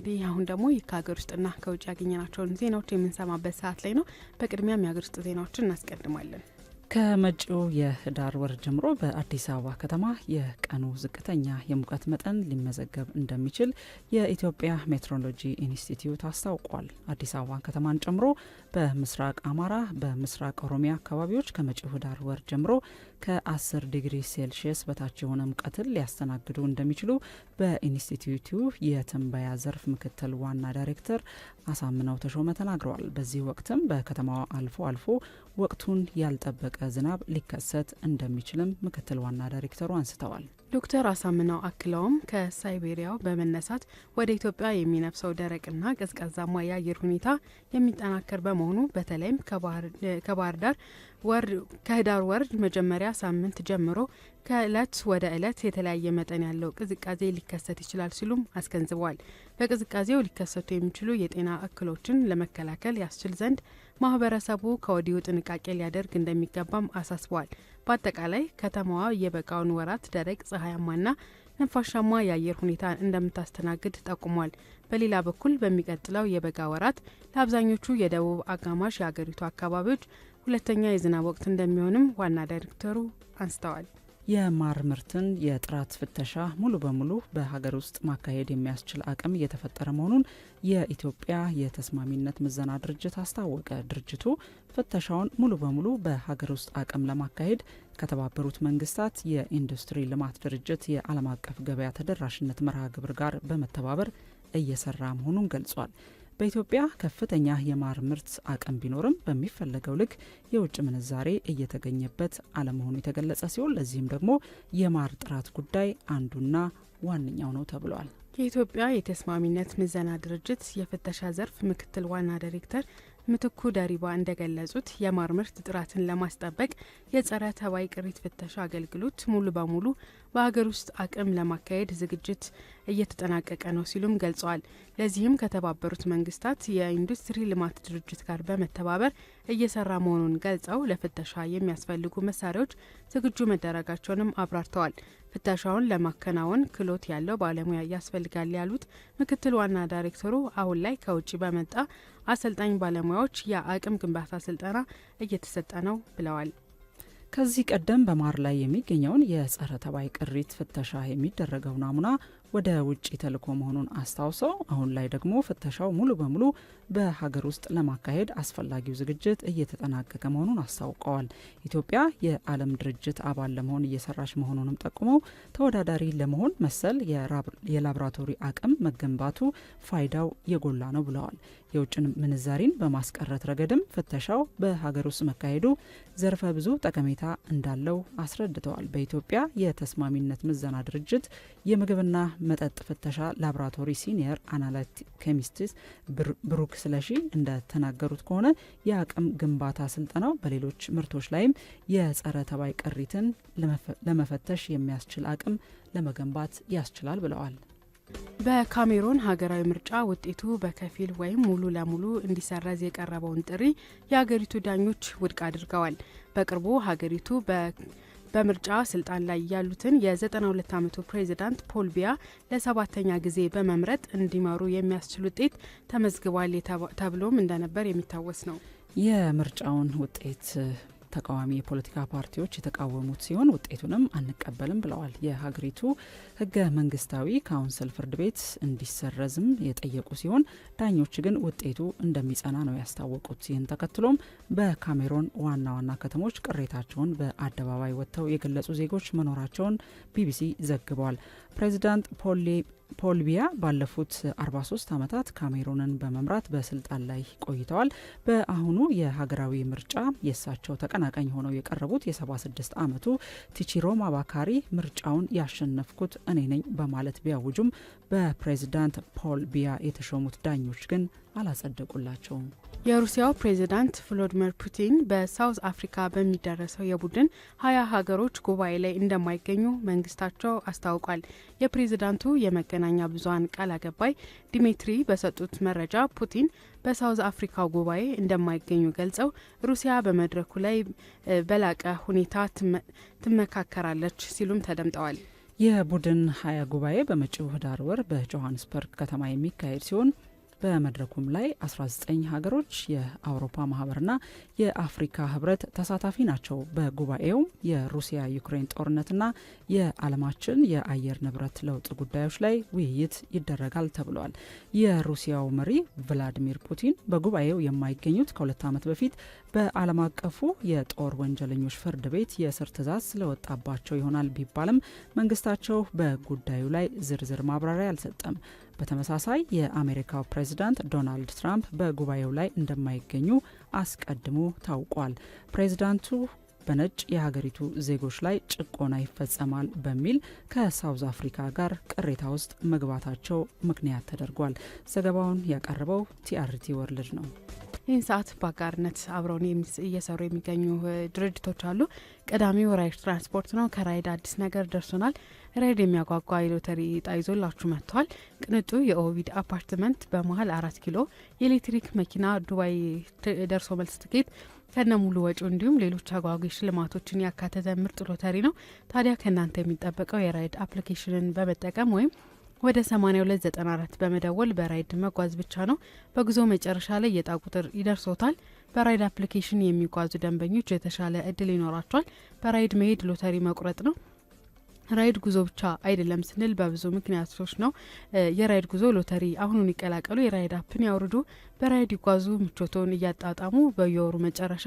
እንግዲህ አሁን ደግሞ ከሀገር ውስጥና ከውጭ ያገኘናቸውን ዜናዎች የምንሰማበት ሰዓት ላይ ነው። በቅድሚያም የሀገር ውስጥ ዜናዎችን እናስቀድማለን። ከመጪው የህዳር ወር ጀምሮ በአዲስ አበባ ከተማ የቀኑ ዝቅተኛ የሙቀት መጠን ሊመዘገብ እንደሚችል የኢትዮጵያ ሜትሮሎጂ ኢንስቲትዩት አስታውቋል። አዲስ አበባ ከተማን ጨምሮ በምስራቅ አማራ፣ በምስራቅ ኦሮሚያ አካባቢዎች ከመጪው ህዳር ወር ጀምሮ ከ10 ዲግሪ ሴልሽየስ በታች የሆነ ሙቀትን ሊያስተናግዱ እንደሚችሉ በኢንስቲትዩቱ የትንበያ ዘርፍ ምክትል ዋና ዳይሬክተር አሳምነው ተሾመ ተናግረዋል። በዚህ ወቅትም በከተማዋ አልፎ አልፎ ወቅቱን ያልጠበቀ ዝናብ ሊከሰት እንደሚችልም ምክትል ዋና ዳይሬክተሩ አንስተዋል። ዶክተር አሳምነው አክለውም ከሳይቤሪያው በመነሳት ወደ ኢትዮጵያ የሚነፍሰው ደረቅና ቀዝቃዛማ የአየር ሁኔታ የሚጠናከር በመሆኑ በተለይም ከባህር ዳር ከህዳር ወርድ መጀመሪያ ሳምንት ጀምሮ ከእለት ወደ እለት የተለያየ መጠን ያለው ቅዝቃዜ ሊከሰት ይችላል ሲሉም አስገንዝበዋል። በቅዝቃዜው ሊከሰቱ የሚችሉ የጤና እክሎችን ለመከላከል ያስችል ዘንድ ማህበረሰቡ ከወዲሁ ጥንቃቄ ሊያደርግ እንደሚገባም አሳስበዋል። በአጠቃላይ ከተማዋ የበጋውን ወራት ደረቅ ፀሐያማና ነፋሻማ የአየር ሁኔታ እንደምታስተናግድ ጠቁሟል። በሌላ በኩል በሚቀጥለው የበጋ ወራት ለአብዛኞቹ የደቡብ አጋማሽ የአገሪቱ አካባቢዎች ሁለተኛ የዝናብ ወቅት እንደሚሆንም ዋና ዳይሬክተሩ አንስተዋል። የማር ምርትን የጥራት ፍተሻ ሙሉ በሙሉ በሀገር ውስጥ ማካሄድ የሚያስችል አቅም እየተፈጠረ መሆኑን የኢትዮጵያ የተስማሚነት ምዘና ድርጅት አስታወቀ። ድርጅቱ ፍተሻውን ሙሉ በሙሉ በሀገር ውስጥ አቅም ለማካሄድ ከተባበሩት መንግስታት የኢንዱስትሪ ልማት ድርጅት የዓለም አቀፍ ገበያ ተደራሽነት መርሃ ግብር ጋር በመተባበር እየሰራ መሆኑን ገልጿል። በኢትዮጵያ ከፍተኛ የማር ምርት አቅም ቢኖርም በሚፈለገው ልክ የውጭ ምንዛሬ እየተገኘበት አለመሆኑ የተገለጸ ሲሆን ለዚህም ደግሞ የማር ጥራት ጉዳይ አንዱና ዋነኛው ነው ተብሏል። የኢትዮጵያ የተስማሚነት ምዘና ድርጅት የፍተሻ ዘርፍ ምክትል ዋና ዳይሬክተር ምትኩ ደሪባ እንደገለጹት የማር ምርት ጥራትን ለማስጠበቅ የጸረ ተባይ ቅሪት ፍተሻ አገልግሎት ሙሉ በሙሉ በሀገር ውስጥ አቅም ለማካሄድ ዝግጅት እየተጠናቀቀ ነው ሲሉም ገልጸዋል። ለዚህም ከተባበሩት መንግስታት የኢንዱስትሪ ልማት ድርጅት ጋር በመተባበር እየሰራ መሆኑን ገልጸው ለፍተሻ የሚያስፈልጉ መሳሪያዎች ዝግጁ መደረጋቸውንም አብራርተዋል። ፍተሻውን ለማከናወን ክህሎት ያለው ባለሙያ ያስፈልጋል ያሉት ምክትል ዋና ዳይሬክተሩ አሁን ላይ ከውጭ በመጣ አሰልጣኝ ባለሙያዎች የአቅም ግንባታ ስልጠና እየተሰጠ ነው ብለዋል። ከዚህ ቀደም በማር ላይ የሚገኘውን የጸረ ተባይ ቅሪት ፍተሻ የሚደረገው ናሙና ወደ ውጭ ተልኮ መሆኑን አስታውሰው አሁን ላይ ደግሞ ፍተሻው ሙሉ በሙሉ በሀገር ውስጥ ለማካሄድ አስፈላጊው ዝግጅት እየተጠናቀቀ መሆኑን አስታውቀዋል። ኢትዮጵያ የዓለም ድርጅት አባል ለመሆን እየሰራች መሆኑንም ጠቁመው ተወዳዳሪ ለመሆን መሰል የላብራቶሪ አቅም መገንባቱ ፋይዳው የጎላ ነው ብለዋል። የውጭን ምንዛሪን በማስቀረት ረገድም ፍተሻው በሀገር ውስጥ መካሄዱ ዘርፈ ብዙ ጠቀሜታ እንዳለው አስረድተዋል። በኢትዮጵያ የተስማሚነት ምዘና ድርጅት የምግብና መጠጥ ፍተሻ ላቦራቶሪ ሲኒየር አናላይት ኬሚስትስ ብሩክ ስለሺ እንደተናገሩት ከሆነ የአቅም ግንባታ ስልጠናው በሌሎች ምርቶች ላይም የጸረ ተባይ ቅሪትን ለመፈተሽ የሚያስችል አቅም ለመገንባት ያስችላል ብለዋል። በካሜሩን ሀገራዊ ምርጫ ውጤቱ በከፊል ወይም ሙሉ ለሙሉ እንዲሰረዝ የቀረበውን ጥሪ የሀገሪቱ ዳኞች ውድቅ አድርገዋል። በቅርቡ ሀገሪቱ በምርጫ ስልጣን ላይ ያሉትን የ92 ዓመቱ ፕሬዚዳንት ፖል ቢያ ለሰባተኛ ጊዜ በመምረጥ እንዲመሩ የሚያስችል ውጤት ተመዝግቧል ተብሎም እንደነበር የሚታወስ ነው። የምርጫውን ውጤት ተቃዋሚ የፖለቲካ ፓርቲዎች የተቃወሙት ሲሆን ውጤቱንም አንቀበልም ብለዋል። የሀገሪቱ ህገ መንግስታዊ ካውንስል ፍርድ ቤት እንዲሰረዝም የጠየቁ ሲሆን ዳኞች ግን ውጤቱ እንደሚጸና ነው ያስታወቁት። ይህን ተከትሎም በካሜሮን ዋና ዋና ከተሞች ቅሬታቸውን በአደባባይ ወጥተው የገለጹ ዜጎች መኖራቸውን ቢቢሲ ዘግቧል። ፕሬዚዳንት ፖሌ ፖል ቢያ ባለፉት 43 ዓመታት ካሜሩንን በመምራት በስልጣን ላይ ቆይተዋል። በአሁኑ የሀገራዊ ምርጫ የእሳቸው ተቀናቃኝ ሆነው የቀረቡት የ76 ዓመቱ ቲቺሮ ባካሪ ምርጫውን ያሸነፍኩት እኔ ነኝ በማለት ቢያውጁም በፕሬዚዳንት ፖል ቢያ የተሾሙት ዳኞች ግን አላጸደቁላቸውም። የሩሲያው ፕሬዚዳንት ቭሎዲሚር ፑቲን በሳውዝ አፍሪካ በሚደረሰው የቡድን ሀያ ሀገሮች ጉባኤ ላይ እንደማይገኙ መንግስታቸው አስታውቋል። የፕሬዚዳንቱ የመገናኛ ብዙሀን ቃል አቀባይ ዲሜትሪ በሰጡት መረጃ ፑቲን በሳውዝ አፍሪካው ጉባኤ እንደማይገኙ ገልጸው ሩሲያ በመድረኩ ላይ በላቀ ሁኔታ ትመካከራለች ሲሉም ተደምጠዋል። የቡድን ሀያ ጉባኤ በመጪው ህዳር ወር በጆሀንስበርግ ከተማ የሚካሄድ ሲሆን በመድረኩም ላይ 19 ሀገሮች የአውሮፓ ማህበርና የአፍሪካ ህብረት ተሳታፊ ናቸው። በጉባኤው የሩሲያ ዩክሬን ጦርነትና የዓለማችን የአየር ንብረት ለውጥ ጉዳዮች ላይ ውይይት ይደረጋል ተብሏል። የሩሲያው መሪ ቭላዲሚር ፑቲን በጉባኤው የማይገኙት ከሁለት ዓመት በፊት በዓለም አቀፉ የጦር ወንጀለኞች ፍርድ ቤት የእስር ትዕዛዝ ስለወጣባቸው ይሆናል ቢባልም መንግስታቸው በጉዳዩ ላይ ዝርዝር ማብራሪያ አልሰጠም። በተመሳሳይ የአሜሪካው ፕሬዚዳንት ዶናልድ ትራምፕ በጉባኤው ላይ እንደማይገኙ አስቀድሞ ታውቋል። ፕሬዚዳንቱ በነጭ የሀገሪቱ ዜጎች ላይ ጭቆና ይፈጸማል በሚል ከሳውዝ አፍሪካ ጋር ቅሬታ ውስጥ መግባታቸው ምክንያት ተደርጓል። ዘገባውን ያቀረበው ቲአርቲ ወርልድ ነው። ይህን ሰዓት በአጋርነት አብረውን እየሰሩ የሚገኙ ድርጅቶች አሉ። ቀዳሚው ራይድ ትራንስፖርት ነው። ከራይድ አዲስ ነገር ደርሶናል። ራይድ የሚያጓጓ የሎተሪ እጣ ይዞላችሁ መጥቷል። ቅንጡ የኦቪድ አፓርትመንት በመሀል አራት ኪሎ፣ የኤሌክትሪክ መኪና፣ ዱባይ ደርሶ መልስ ትኬት ከነ ሙሉ ወጪ እንዲሁም ሌሎች አጓጊ ሽልማቶችን ያካተተ ምርጥ ሎተሪ ነው። ታዲያ ከእናንተ የሚጠበቀው የራይድ አፕሊኬሽንን በመጠቀም ወይም ወደ 8294 በመደወል በራይድ መጓዝ ብቻ ነው። በጉዞ መጨረሻ ላይ የጣ ቁጥር ይደርሶታል። በራይድ አፕሊኬሽን የሚጓዙ ደንበኞች የተሻለ እድል ይኖራቸዋል። በራይድ መሄድ ሎተሪ መቁረጥ ነው። ራይድ ጉዞ ብቻ አይደለም ስንል በብዙ ምክንያቶች ነው። የራይድ ጉዞ ሎተሪ አሁኑን ይቀላቀሉ፣ የራይድ አፕን ያውርዱ፣ በራይድ ይጓዙ፣ ምቾቶን እያጣጣሙ በየወሩ መጨረሻ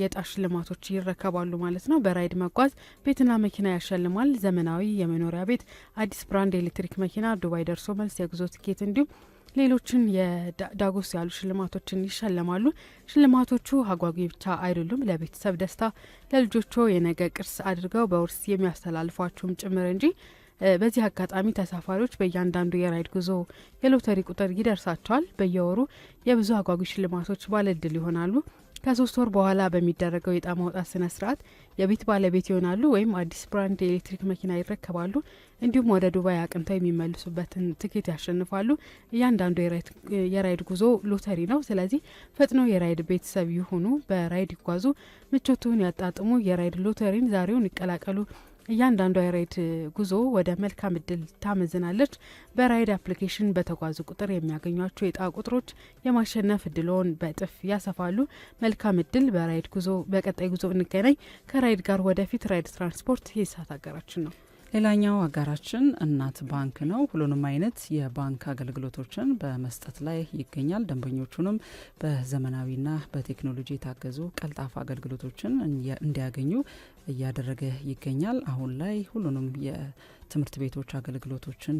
የዕጣ ሽልማቶች ይረከባሉ ማለት ነው። በራይድ መጓዝ ቤትና መኪና ያሸልማል። ዘመናዊ የመኖሪያ ቤት፣ አዲስ ብራንድ ኤሌክትሪክ መኪና፣ ዱባይ ደርሶ መልስ የጉዞ ትኬት እንዲሁም ሌሎችን የዳጎስ ያሉ ሽልማቶችን ይሸለማሉ። ሽልማቶቹ አጓጊ ብቻ አይደሉም፤ ለቤተሰብ ደስታ፣ ለልጆቹ የነገ ቅርስ አድርገው በውርስ የሚያስተላልፏችሁም ጭምር እንጂ። በዚህ አጋጣሚ ተሳፋሪዎች በእያንዳንዱ የራይድ ጉዞ የሎተሪ ቁጥር ይደርሳቸዋል። በየወሩ የብዙ አጓጊ ሽልማቶች ባለድል ይሆናሉ። ከሶስት ወር በኋላ በሚደረገው የጣ ማውጣት ስነ ስርዓት የቤት ባለቤት ይሆናሉ ወይም አዲስ ብራንድ የኤሌክትሪክ መኪና ይረከባሉ። እንዲሁም ወደ ዱባይ አቅንተው የሚመልሱበትን ትኬት ያሸንፋሉ። እያንዳንዱ የራይድ ጉዞ ሎተሪ ነው። ስለዚህ ፈጥኖ የራይድ ቤተሰብ ይሁኑ፣ በራይድ ይጓዙ፣ ምቾቱን ያጣጥሙ፣ የራይድ ሎተሪን ዛሬውን ይቀላቀሉ። እያንዳንዷ የራይድ ጉዞ ወደ መልካም እድል ታመዝናለች። በራይድ አፕሊኬሽን በተጓዙ ቁጥር የሚያገኟቸው የጣ ቁጥሮች የማሸነፍ እድልዎን በእጥፍ ያሰፋሉ። መልካም እድል በራይድ ጉዞ። በቀጣይ ጉዞ እንገናኝ። ከራይድ ጋር ወደፊት። ራይድ ትራንስፖርት የሳት ሀገራችን ነው። ሌላኛው አጋራችን እናት ባንክ ነው። ሁሉንም አይነት የባንክ አገልግሎቶችን በመስጠት ላይ ይገኛል። ደንበኞቹንም በዘመናዊና በቴክኖሎጂ የታገዙ ቀልጣፋ አገልግሎቶችን እንዲያገኙ እያደረገ ይገኛል። አሁን ላይ ሁሉንም ትምህርት ቤቶች አገልግሎቶችን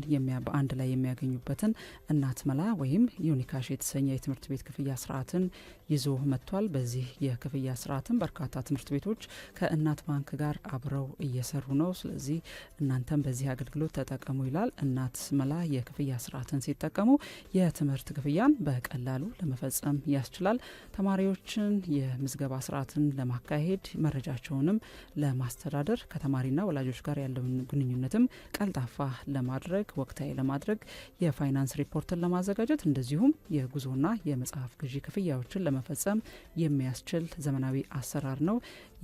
በአንድ ላይ የሚያገኙበትን እናት መላ ወይም ዩኒካሽ የተሰኘ የትምህርት ቤት ክፍያ ስርዓትን ይዞ መጥቷል። በዚህ የክፍያ ስርዓትም በርካታ ትምህርት ቤቶች ከእናት ባንክ ጋር አብረው እየሰሩ ነው። ስለዚህ እናንተም በዚህ አገልግሎት ተጠቀሙ ይላል። እናት መላ የክፍያ ስርዓትን ሲጠቀሙ የትምህርት ክፍያን በቀላሉ ለመፈጸም ያስችላል። ተማሪዎችን የምዝገባ ስርዓትን ለማካሄድ መረጃቸውንም ለማስተዳደር ከተማሪና ወላጆች ጋር ያለውን ግንኙነትም ቀልጣፋ ለማድረግ ወቅታዊ ለማድረግ የፋይናንስ ሪፖርትን ለማዘጋጀት እንደዚሁም የጉዞና የመጽሐፍ ግዢ ክፍያዎችን ለመፈጸም የሚያስችል ዘመናዊ አሰራር ነው።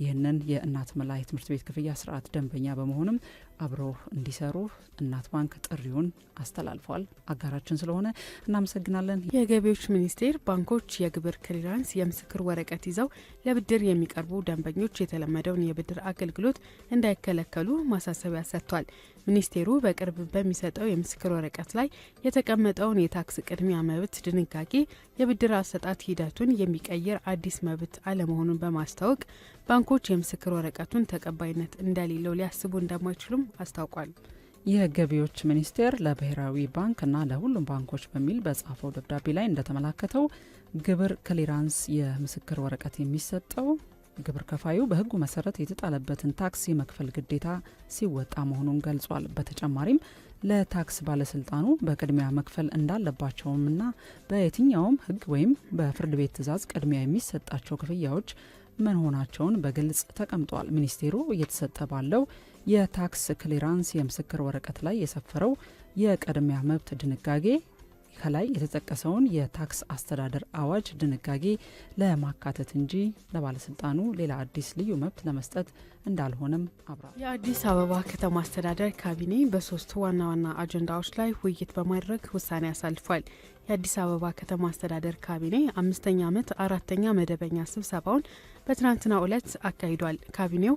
ይህንን የእናት መላ የትምህርት ቤት ክፍያ ስርዓት ደንበኛ በመሆንም አብረው እንዲሰሩ እናት ባንክ ጥሪውን አስተላልፏል። አጋራችን ስለሆነ እናመሰግናለን። የገቢዎች ሚኒስቴር ባንኮች የግብር ክሊራንስ የምስክር ወረቀት ይዘው ለብድር የሚቀርቡ ደንበኞች የተለመደውን የብድር አገልግሎት እንዳይከለከሉ ማሳሰቢያ ሰጥቷል። ሚኒስቴሩ በቅርብ በሚሰጠው የምስክር ወረቀት ላይ የተቀመጠውን የታክስ ቅድሚያ መብት ድንጋጌ የብድር አሰጣት ሂደቱን የሚቀይር አዲስ መብት አለመሆኑን በማስታወቅ ባንኮች የምስክር ወረቀቱን ተቀባይነት እንደሌለው ሊያስቡ እንደማይችሉም አስታውቋል። የገቢዎች ሚኒስቴር ለብሔራዊ ባንክና ለሁሉም ባንኮች በሚል በጻፈው ደብዳቤ ላይ እንደተመላከተው ግብር ክሊራንስ የምስክር ወረቀት የሚሰጠው ግብር ከፋዩ በህጉ መሰረት የተጣለበትን ታክስ የመክፈል ግዴታ ሲወጣ መሆኑን ገልጿል። በተጨማሪም ለታክስ ባለስልጣኑ በቅድሚያ መክፈል እንዳለባቸውምና በየትኛውም ህግ ወይም በፍርድ ቤት ትዕዛዝ ቅድሚያ የሚሰጣቸው ክፍያዎች መሆናቸውን በግልጽ ተቀምጧል። ሚኒስቴሩ እየተሰጠ ባለው የታክስ ክሊራንስ የምስክር ወረቀት ላይ የሰፈረው የቅድሚያ መብት ድንጋጌ ከላይ የተጠቀሰውን የታክስ አስተዳደር አዋጅ ድንጋጌ ለማካተት እንጂ ለባለስልጣኑ ሌላ አዲስ ልዩ መብት ለመስጠት እንዳልሆነም አብራል። የአዲስ አበባ ከተማ አስተዳደር ካቢኔ በሶስቱ ዋና ዋና አጀንዳዎች ላይ ውይይት በማድረግ ውሳኔ አሳልፏል። የአዲስ አበባ ከተማ አስተዳደር ካቢኔ አምስተኛ ዓመት አራተኛ መደበኛ ስብሰባውን በትናንትናው ዕለት አካሂዷል። ካቢኔው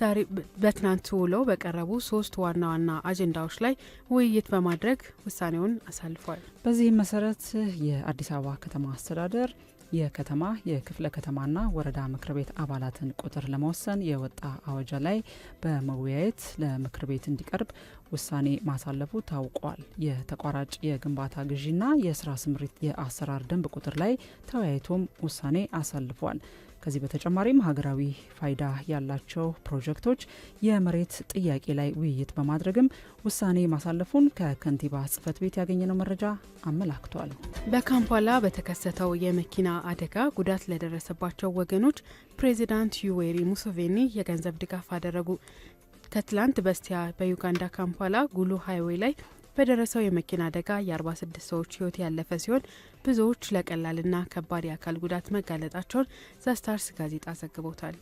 ዛሬ በትናንት ውሎ በቀረቡ ሶስት ዋና ዋና አጀንዳዎች ላይ ውይይት በማድረግ ውሳኔውን አሳልፏል። በዚህም መሰረት የአዲስ አበባ ከተማ አስተዳደር የከተማ የክፍለ ከተማና ወረዳ ምክር ቤት አባላትን ቁጥር ለመወሰን የወጣ አዋጅ ላይ በመወያየት ለምክር ቤት እንዲቀርብ ውሳኔ ማሳለፉ ታውቋል። የተቋራጭ የግንባታ ግዢና የስራ ስምሪት የአሰራር ደንብ ቁጥር ላይ ተወያይቶም ውሳኔ አሳልፏል። ከዚህ በተጨማሪም ሀገራዊ ፋይዳ ያላቸው ፕሮጀክቶች የመሬት ጥያቄ ላይ ውይይት በማድረግም ውሳኔ ማሳለፉን ከከንቲባ ጽህፈት ቤት ያገኘነው መረጃ አመላክቷል። በካምፓላ በተከሰተው የመኪና አደጋ ጉዳት ለደረሰባቸው ወገኖች ፕሬዚዳንት ዩዌሪ ሙሶቬኒ የገንዘብ ድጋፍ አደረጉ። ከትላንት በስቲያ በዩጋንዳ ካምፓላ ጉሉ ሃይዌይ ላይ በደረሰው የመኪና አደጋ የ46 ሰዎች ህይወት ያለፈ ሲሆን ብዙዎች ለቀላልና ከባድ የአካል ጉዳት መጋለጣቸውን ዘስታርስ ጋዜጣ ዘግቦታል።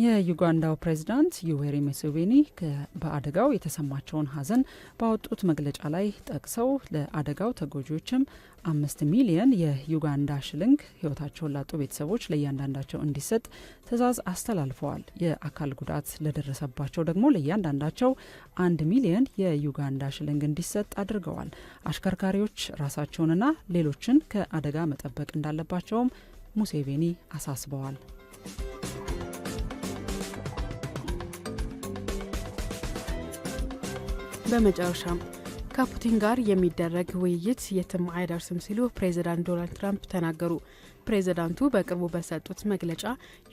የዩጋንዳው ፕሬዚዳንት ዩዌሪ ሙሴቬኒ በአደጋው የተሰማቸውን ሀዘን ባወጡት መግለጫ ላይ ጠቅሰው ለአደጋው ተጎጂዎችም አምስት ሚሊየን የዩጋንዳ ሽልንግ ህይወታቸውን ላጡ ቤተሰቦች ለእያንዳንዳቸው እንዲሰጥ ትዕዛዝ አስተላልፈዋል። የአካል ጉዳት ለደረሰባቸው ደግሞ ለእያንዳንዳቸው አንድ ሚሊየን የዩጋንዳ ሽልንግ እንዲሰጥ አድርገዋል። አሽከርካሪዎች ራሳቸውንና ሌሎችን ከአደጋ መጠበቅ እንዳለባቸውም ሙሴቬኒ አሳስበዋል። በመጨረሻም ከፑቲን ጋር የሚደረግ ውይይት የትም አይደርስም ሲሉ ፕሬዚዳንት ዶናልድ ትራምፕ ተናገሩ። ፕሬዚዳንቱ በቅርቡ በሰጡት መግለጫ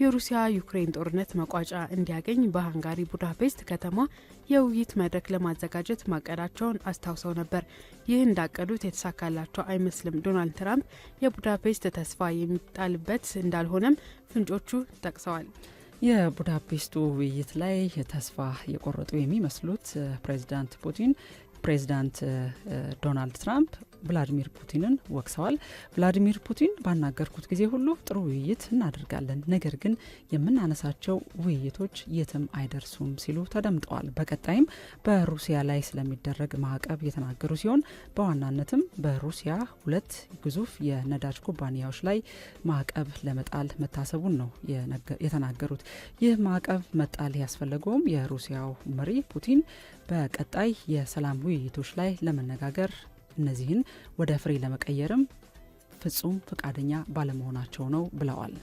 የሩሲያ ዩክሬን ጦርነት መቋጫ እንዲያገኝ በሃንጋሪ ቡዳፔስት ከተማ የውይይት መድረክ ለማዘጋጀት ማቀዳቸውን አስታውሰው ነበር። ይህ እንዳቀዱት የተሳካላቸው አይመስልም። ዶናልድ ትራምፕ የቡዳፔስት ተስፋ የሚጣልበት እንዳልሆነም ፍንጮቹ ጠቅሰዋል። የቡዳፔስቱ ውይይት ላይ ተስፋ የቆረጡ የሚመስሉት ፕሬዚዳንት ፑቲን ፕሬዚዳንት ዶናልድ ትራምፕ ቭላዲሚር ፑቲንን ወቅሰዋል። ቭላዲሚር ፑቲን ባናገርኩት ጊዜ ሁሉ ጥሩ ውይይት እናደርጋለን፣ ነገር ግን የምናነሳቸው ውይይቶች የትም አይደርሱም ሲሉ ተደምጠዋል። በቀጣይም በሩሲያ ላይ ስለሚደረግ ማዕቀብ የተናገሩ ሲሆን በዋናነትም በሩሲያ ሁለት ግዙፍ የነዳጅ ኩባንያዎች ላይ ማዕቀብ ለመጣል መታሰቡን ነው የተናገሩት። ይህ ማዕቀብ መጣል ያስፈለገውም የሩሲያው መሪ ፑቲን በቀጣይ የሰላም ውይይቶች ላይ ለመነጋገር እነዚህን ወደ ፍሬ ለመቀየርም ፍጹም ፈቃደኛ ባለመሆናቸው ነው ብለዋል።